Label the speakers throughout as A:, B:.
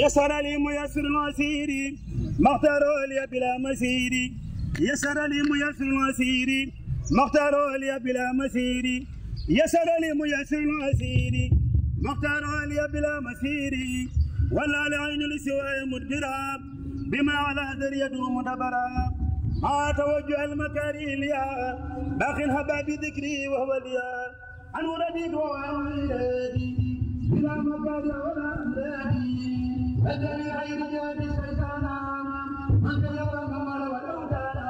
A: يسر لي ميسر وسيري مختاروا لي بلا مسيري يسر لي ميسر وسيري مختاروا لي بلا مسيري يسر لي ميسر وسيري مختاروا لي بلا مسيري ولا لعين لسواء مدبرا بما على ذريته مدبرا ما توجه المكاري ليا باخن هبا بذكري وهو ليا عن وردي وعن بلا مكاري ولا بدني غير جاد شيطانا من كلام مال ولوتانا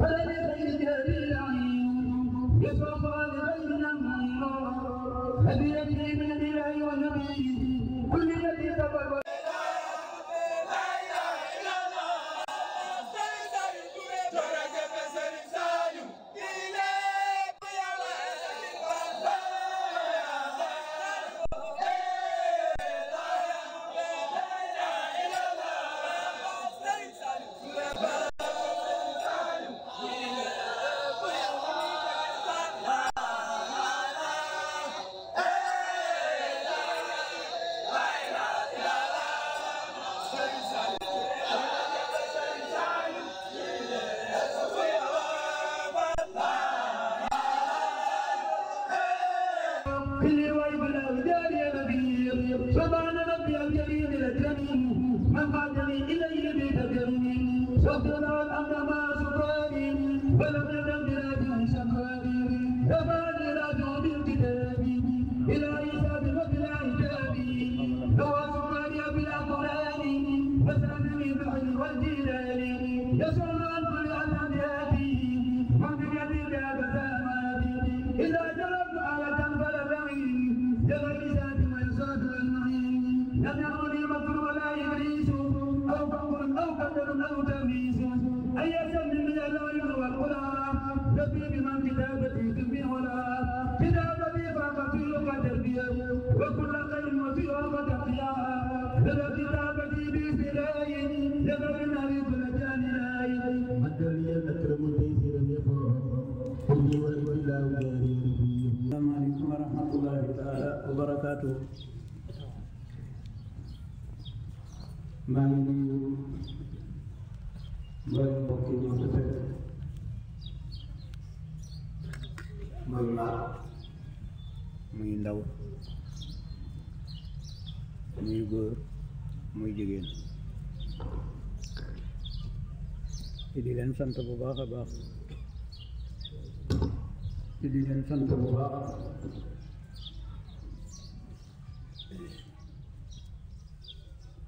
A: فلني غير جاد العين يسوع صالح بيننا فبيدينا maa ngi nuyu mboolem mbokk yi ñoo ko tëdd muy mag muy ndaw muy góor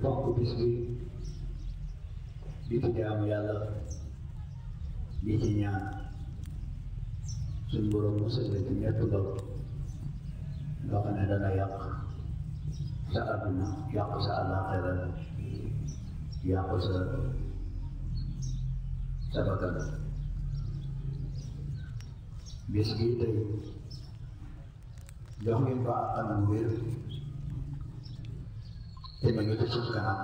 A: تطق باسمي di di ci ñaan suñ borom musal la ci ñett ndaw loo xam ne dana yàq sa àdduna yàq sa àllaaxira yàq sa sa bakkan bis gii jangan jox ngeen dama ngi ci suñu kanam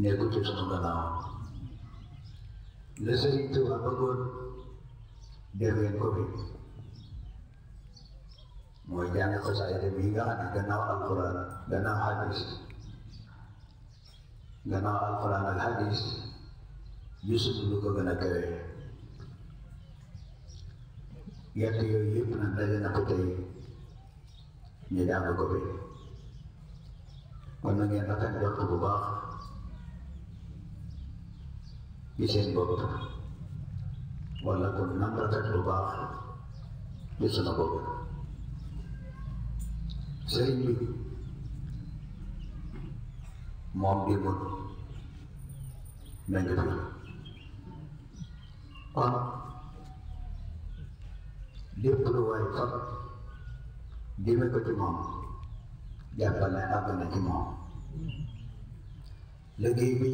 A: nekkul ci suñu gannaaw la Sëriñ Tuubaa bëggoon def ngeen ko fi mooy jàng xasaayid yi nga xam ne gannaaw alquran gannaaw hadis gannaaw alquran ak hadis gisul lu ko gën a kawe yett yooyu yëpp nag daje na ko tey ñu jàng ko fi kon na ngeen rafet njort bu baax ci seen bopp wala kon nam rafet bu baax ci sunu bopp sëriñ bi moom bi mun nañu fi lu waay fab jëme ko ci moom jàppal ne àgg na ci liggéey bi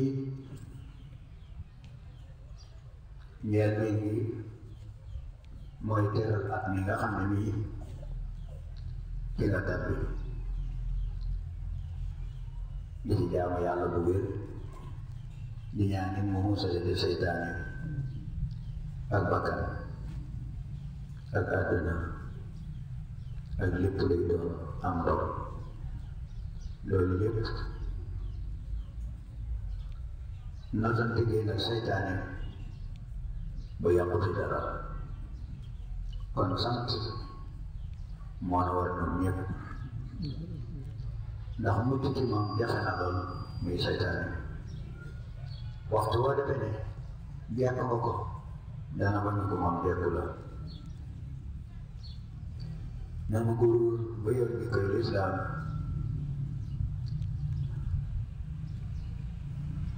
A: ñeel nañ ni mooy teral at mi nga xam ne nii ci la dab bi di ci jaamu yàlla bu wér di ñaan mu musal di nootal liggéey nag seytaane ba yàqu dara kon sant moo war a ñun ñëpp ndax mujj na lool muy seytaane waxtu woo defee ne jekk nga ko dana ba ñu ko moom jekku la nanu ba yor bi koy lislaam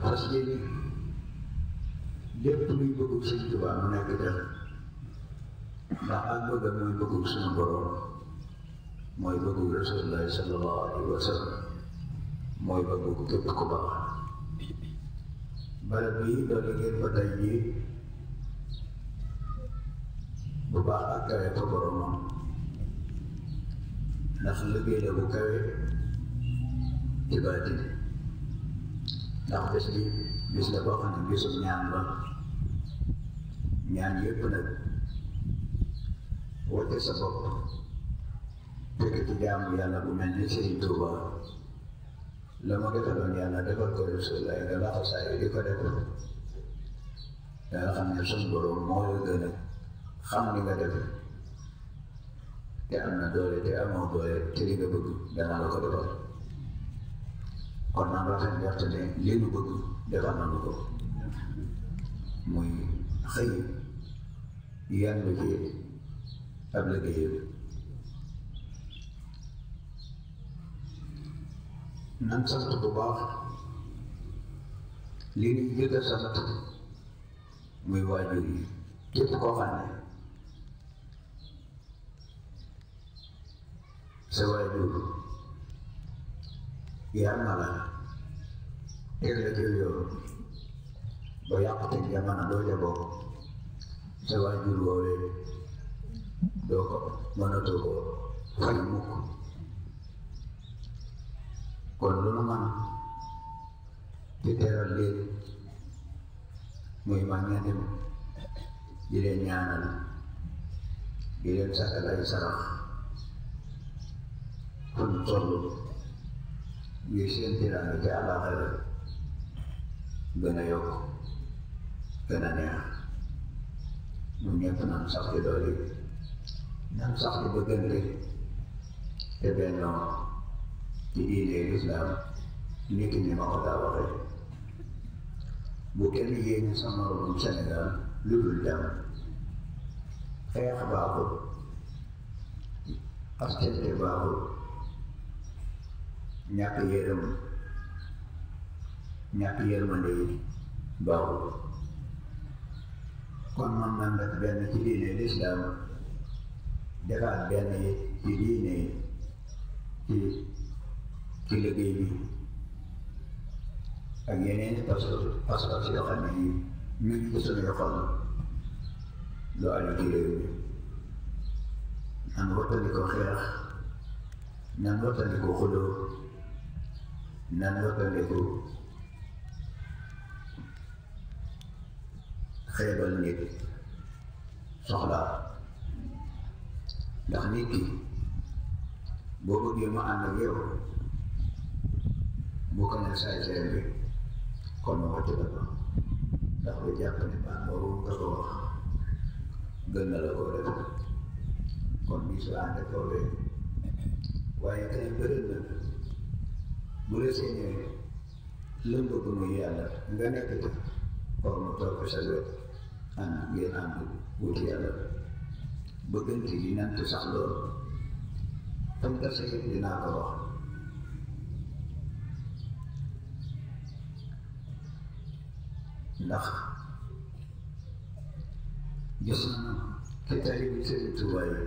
A: harus dia punya luy bëggub sëñ tubaa mu nekk def ndax ak bëgga muy bëggub suñu mau ibu bëggub rasulullahi sallallahu alayhi wa sallam mooy bëggub képp ku baax barab bii doon ngeen fa tey jii bu baax ak ya, kawe fa boromam ndax nah, liggéey tao kasi di bisa daw ako ng bisa niya ang ba niya niya po na what is about take it to the amu yan na bumendin sa ito ba lamang ito lang yan na dapat ko rin sa ilay na lakas ay kami na sa buro mo yung ganit kama ni ka dito kaya ang nadole kaya ang mga doy kon naan rafet njort ne li nu bëgg defal nañu ko muy xëy yenn ci ab liggéeyam nan sant bu baax li ñuy jëkk a sant muy waajur yi képp koo xam ne sa waajur yarmala irle kiryo bayakte yamana doja ya, bo sewa juru ole dok mana doko faymuku kondulu mana titera liri di dem jire nyana jire sakala isarah kun solu يسدنا على غيره بين Bina بيننا dunia tenang kan di doli namsak di bagian di tebeno di ile islam ini kini maka kata bukan iya ini sama rumah senegal lulul dam kayak bahu Astagfirullahaladzim ñàkk yërëm ñàkk yërmande yi baaxul kon man man def benn ci diine lislaam defaat benn ci diine ci ci liggéey bi ak yeneen pas-pas yoo xam ne yi ñu ngi ko suñuy xol lu àll ci réew mi nan wattandikoo xeex nan wattandikoo xuloo نمرقله xeebal nit soxla ndax nit ki boo bëggee ma ànd ak yow bu ko ne saay bi kon ma wàcc la ko ndax lu jàpp ne baax boobu nga ko wax gën na la koo def kon bii su ànd ak koowee waaye bëri na bu la see ñëwee la bëgg muy orang nga nekk ci xaw ma topp sa wet ànd ngeen ànd wuti yàlla bëggante yi nant sax loolu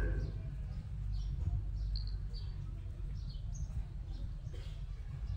A: tam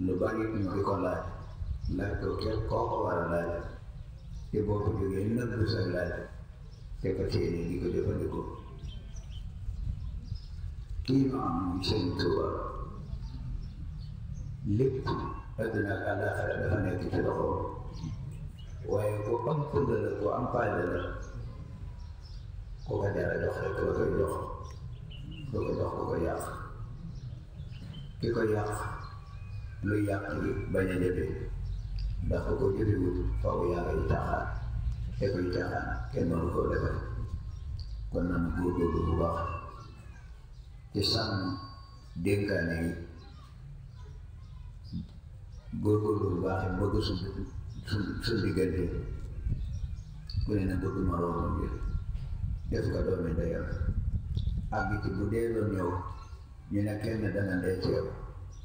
A: lu bari ñu di ko laaj laaj ko képp koo ko war a laaj ci bopp jógee nëbb sa laaj te ko téere di ko jëfandikoo kii ma am muy sëñ Tuuba lépp àdduna ak àllaaxira dafa nekk ci loxoom waaye ku am fulla la ku am fayda la ku ko jar a jox rek ko koy jox du ko jox ku ko yàq ki ko yàq lu yàq li bañ a jëfe ndax ko jëfewut faw yaa koy caaxaan te koy caaxaan kenn mënu koo defal kon naan góorgóorlu bu baax ci sàmm dénkaane yi góorgóorlu bu baax yi bëgg suñ suñ suñ diggante ku ne na bëgg moroomam bi def ko doomi ndeyam àgg ci bu dee doon ñëw ñu ne kenn dana dee ci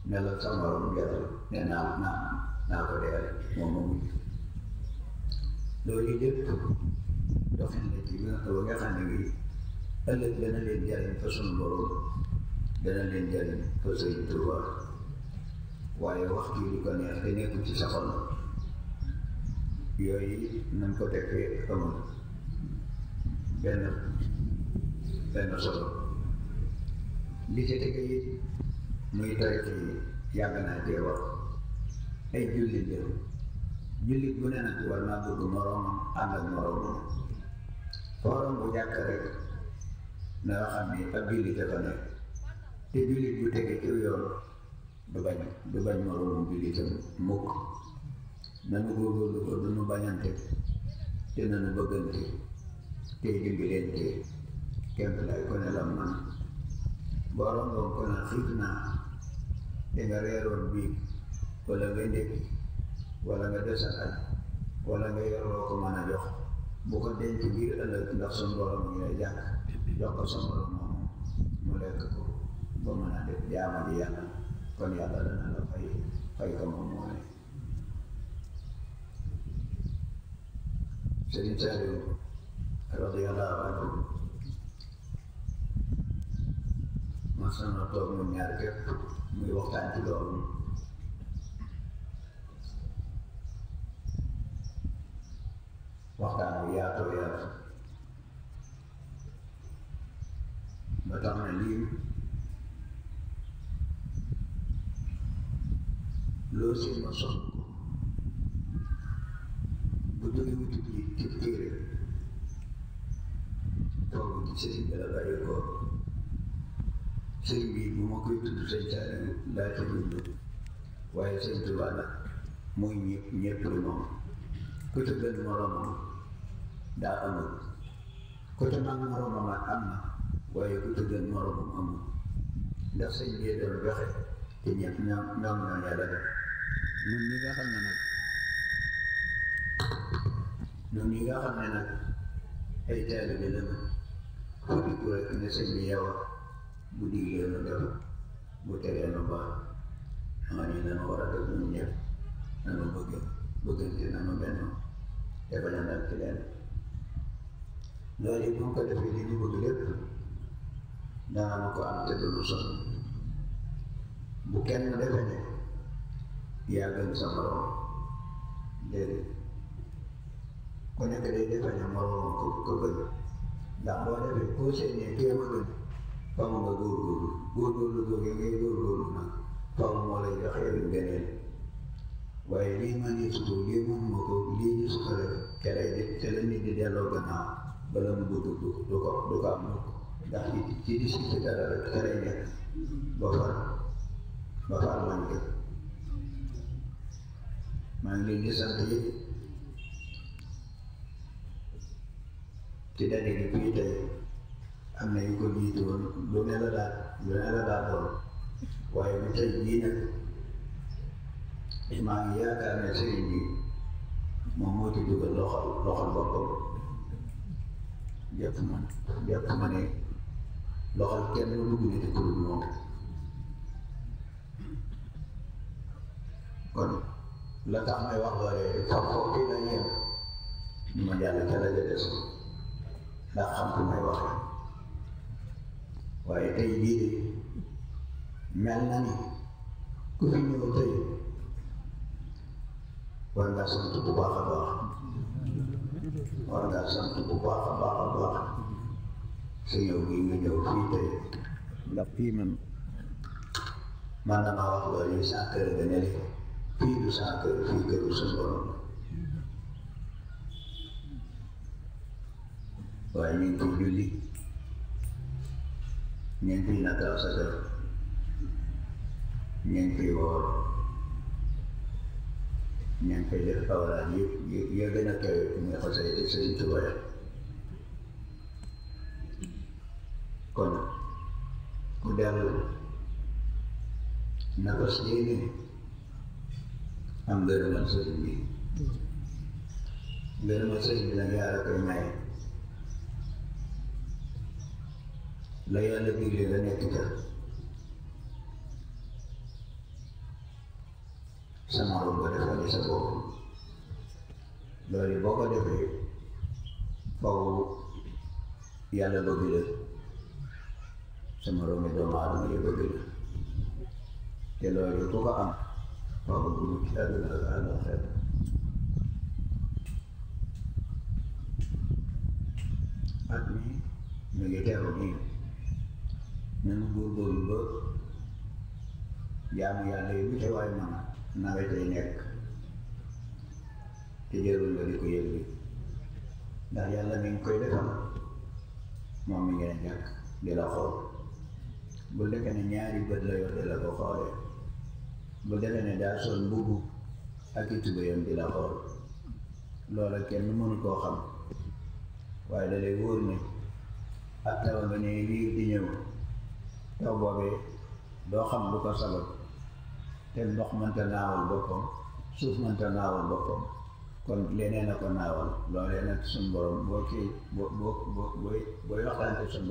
A: ne la sama morom jàll ne naa naa naa ko deyal moom moom loolu yëpp doxin la ci ba nga xam ne bii ëllëg dana leen jariñ fa sunu borom dana leen jariñ fa Sëriñ Tuubaa waaye wax ji di ko neex te nekkul ci saxoon yooyu nañ ko tekkee amul benn benn solo li ci muy doy ci yàgg naa dee wax ay jullit la jullit bu ne nag war naa bëgg moroomam ànd ak moroomam forom bu jàkk rek na nga xam ni ab jullit dafa nekk te jullit bu tege ci yoon du bañ du bañ moroomam jullitam mukk nanu góorgóorlu ko du nu bañante te nanu bëggante te dimbilante kenn laay ko ne la man borom boobu ko naan xiif naa ina reerol wala ngay ndékki wala nga def sa wala nga yor ko mën jox bu ko denc biir ëllëg ndax sun borom ñu lay jàng jox ko sa borom moom mu lekk ko ba mën def jaama ji yàlla kon yàlla fay fay ko anhu muy waxtaan ci loolu waxtaan bu yaatoo yaatu ba tax na lii loolu si ma soxla ko bu jógee wuti sëriñ bi bu ma koy tudd sëñ Saaliw laa ca jublu waaye sëñ Tuubaa la mooy ñëpp ñëpp lu moom ku ca amul ku ca mag moromam am na waaye ku ca gën moromam amul ndax sëñ bi doon joxe te ñëpp na yàlla def ñun ñi nga xam ne nag ñun ñi nga xam ku dikku rek ne sëñ budi ಗುಡಿಗೆಯನ್ನು ತರು ಬುಟ್ಟೆಗಳನ್ನು ಬಾ ಮನೆಯನ್ನು ಹೊರಗೆ ಮುಂದೆ itu ಬಗ್ಗೆ ಬುದ್ಧಿಸಿ ನನ್ನ ಬೆನ್ನು ತಗೊಂಡು ಹಾಕ್ತಿದ್ದಾನೆ dari itu kata pilih ini begitu dalam Quran itu dosa bukan ada ini ya akan sama jadi kena kerja banyak malu, kau kau kau dah boleh berkuasa ni dia begitu faaw nga góorgóorlu góorgóorlu googu ngay góorgóorlu nag faaw moo lay jox yow beneen waaye lii ma ne sutu lii mënuma ko lii ñu sutale te lay te la nit di delloo gannaaw bala mu gudd du du ko du ko am ko ndax ci ci di si ci dara ba ba man am na yu ko jiitu woon lu ne la daal lu ne la daal doon waaye bu tey bii ne sëriñ bi moom moo ci loxol loxol boppam jàpp ma jàpp ma loxol kenn lu dugg ni te kon la tax may wax loolee fa foofu la yem ñu ma jàll ca la ja ku may waxee waaye tey jii de mel na ku fi ñëw tey war ngaa sant bu baax a baax war ngaa sant bu baax a baax a baax su ñëw gi nga ñëw fii tey ndax fii man man damaa wax loolu yi saa kër ga ne de fii du saa kër fii këru suñu borom waaye ñu ngi julli Niente la causa del... Niente oro. Niente del paura. Io, io, io vedo che una cosa è sentore. Con... Con del... Una cosa di... Non vedo una cosa di... Vedo una cosa di una gara per me. ليالي ليالتك سمع ربك لا سبب لاري بقى لك فهو يالي بقيلة سمع ربك لا معلوم يا بقيلة يلا يتوقع فهو بقولك هذا هذا خير أدمي نجيك يا رجيم ನಾನು ದೂರದವ್ರಿಗೂ jam ya dewi tewa mana nabi tenek tijarun dari kuya dewi dari Allah min kuya dewi mami gana jak bela kau boleh kena nyari berdaya bela kau kau ya boleh kena dasun bubu aki tu bayam bela kau lola kian mun kau kam wa ada lewur ni hatta wa bani taw boobee doo xam lu ko sabab te ndox mënta naawal boppam suuf mënta naawal boppam kon leneen a ko naawal loolee nag suñ borom boo kii boo boo boo booy booy waxtaante suñ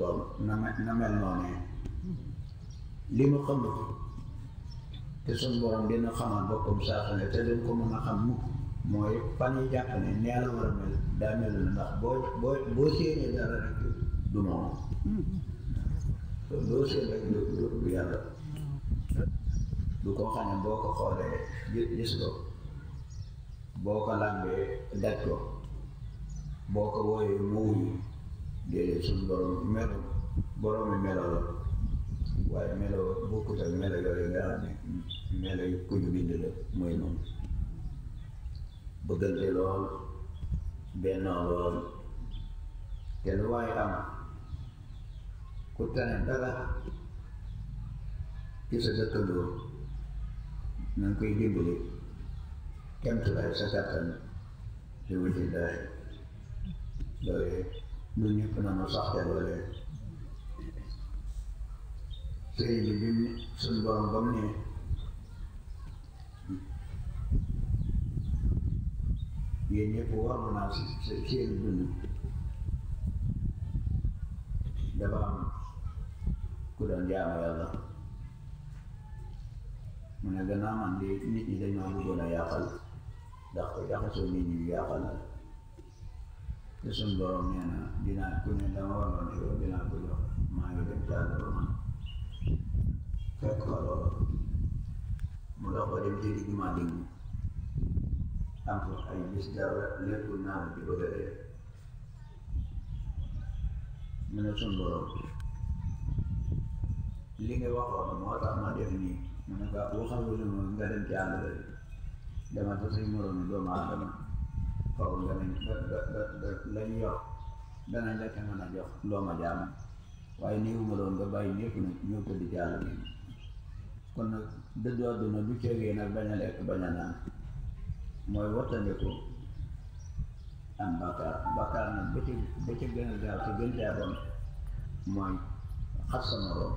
A: dina xamal boppam saafane te dañ ko mën xam mukk mooy fan yi jàpp ne nee la war a mel daa melul ndax boo boo boo séenee dara rek du moom kon loolu seen rek du yàlla du ko xam ne boo ko xoolee gis gis ko boo ko làmbee daj ko boo ko wooyee mu wuyu déedéet borom melo boroomi melo waaye melo bokkut ak melo yooyu nga xam ne melo yu bind la mooy noonu bëggante lool bennoo lool te lu waaye am ಕೊಡ್ತಾನಂತಾಗ ಕಿಸದ ತಂದು ನನ್ನ ಕೈಗೆ ಬಿಡಿ ಕೆಂಪದ ಸಕಾತನು ಜೀವಿಸಿದ್ದಾರೆ dari dunia penama sahya dari sehingga dunia sembang bangnya Yenya kuwa menasih sekian dunia ku doon jaamu yàlla mu ne gannaaw man de nit ñi dañoo bëggoon a yàqal ndax jaxasoo nit ñi yàqal la te na dinaa ku ne dama waroon yow dinaa ko jox maa ngi dem ca àll ba man fekk fa loolu mu dox ba dem jëli jumaa ay bis dara lépp naa la di ko mu ne suñ li nga waxoon moo tax ma def nii mu ne ko waxal lu nga dem ci àll ba dama ta say doomu aadama faw nga ne danañ la ca jox loo ma waaye néew doon nga bàyyi ñëpp nag ñëw tëdd ci àll kon nag dëddu àdduna du ceegee nag bañ a lekk bañ a naan mooy wattandiku am bàkkaar bàkkaar nag ba ca ba ca gën a gaaw te gën caa bon mooy xas sa moroom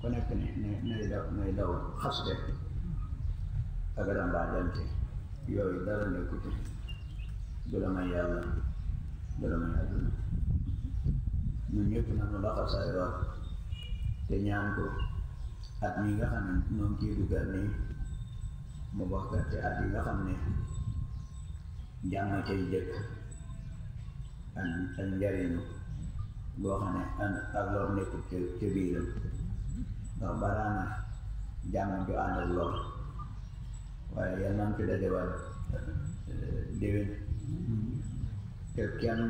A: ku nekk nay nay daw nay daw xaste ak rambaa dante yooyu dara nekku ci du la may yàlla du te ñaan ko at mi nga xam ne moom ciy dugal nii mu wax kat te at yi nga xam ne jàmm cay jëkk ak ak njariñu boo xam ne ak Rabbana ah. jangan doa Allah wayangan iya, tidak jawab dewi kekian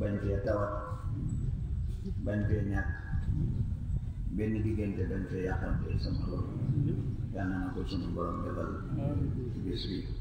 A: banjir tawat banjirnya bini digen te dan yakan te sama lo karena aku sunu borong jabal ya, bisri